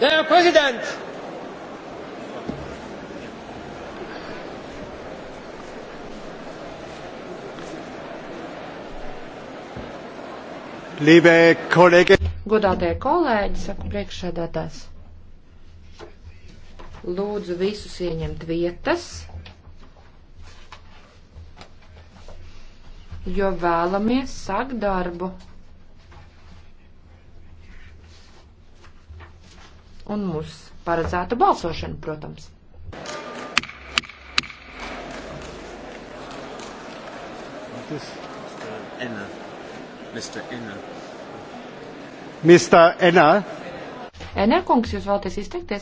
Herr Präsident! Liebe Kollegen! Godātie kolēģi, saku priekšsēdētājs. Lūdzu visus ieņemt vietas, jo vēlamies sākt darbu. un mūsu paredzētu balsošanu, protams. This. Enna. Mr. Enna. Mr. Enna. Enna kungs, jūs vēlaties izteikties?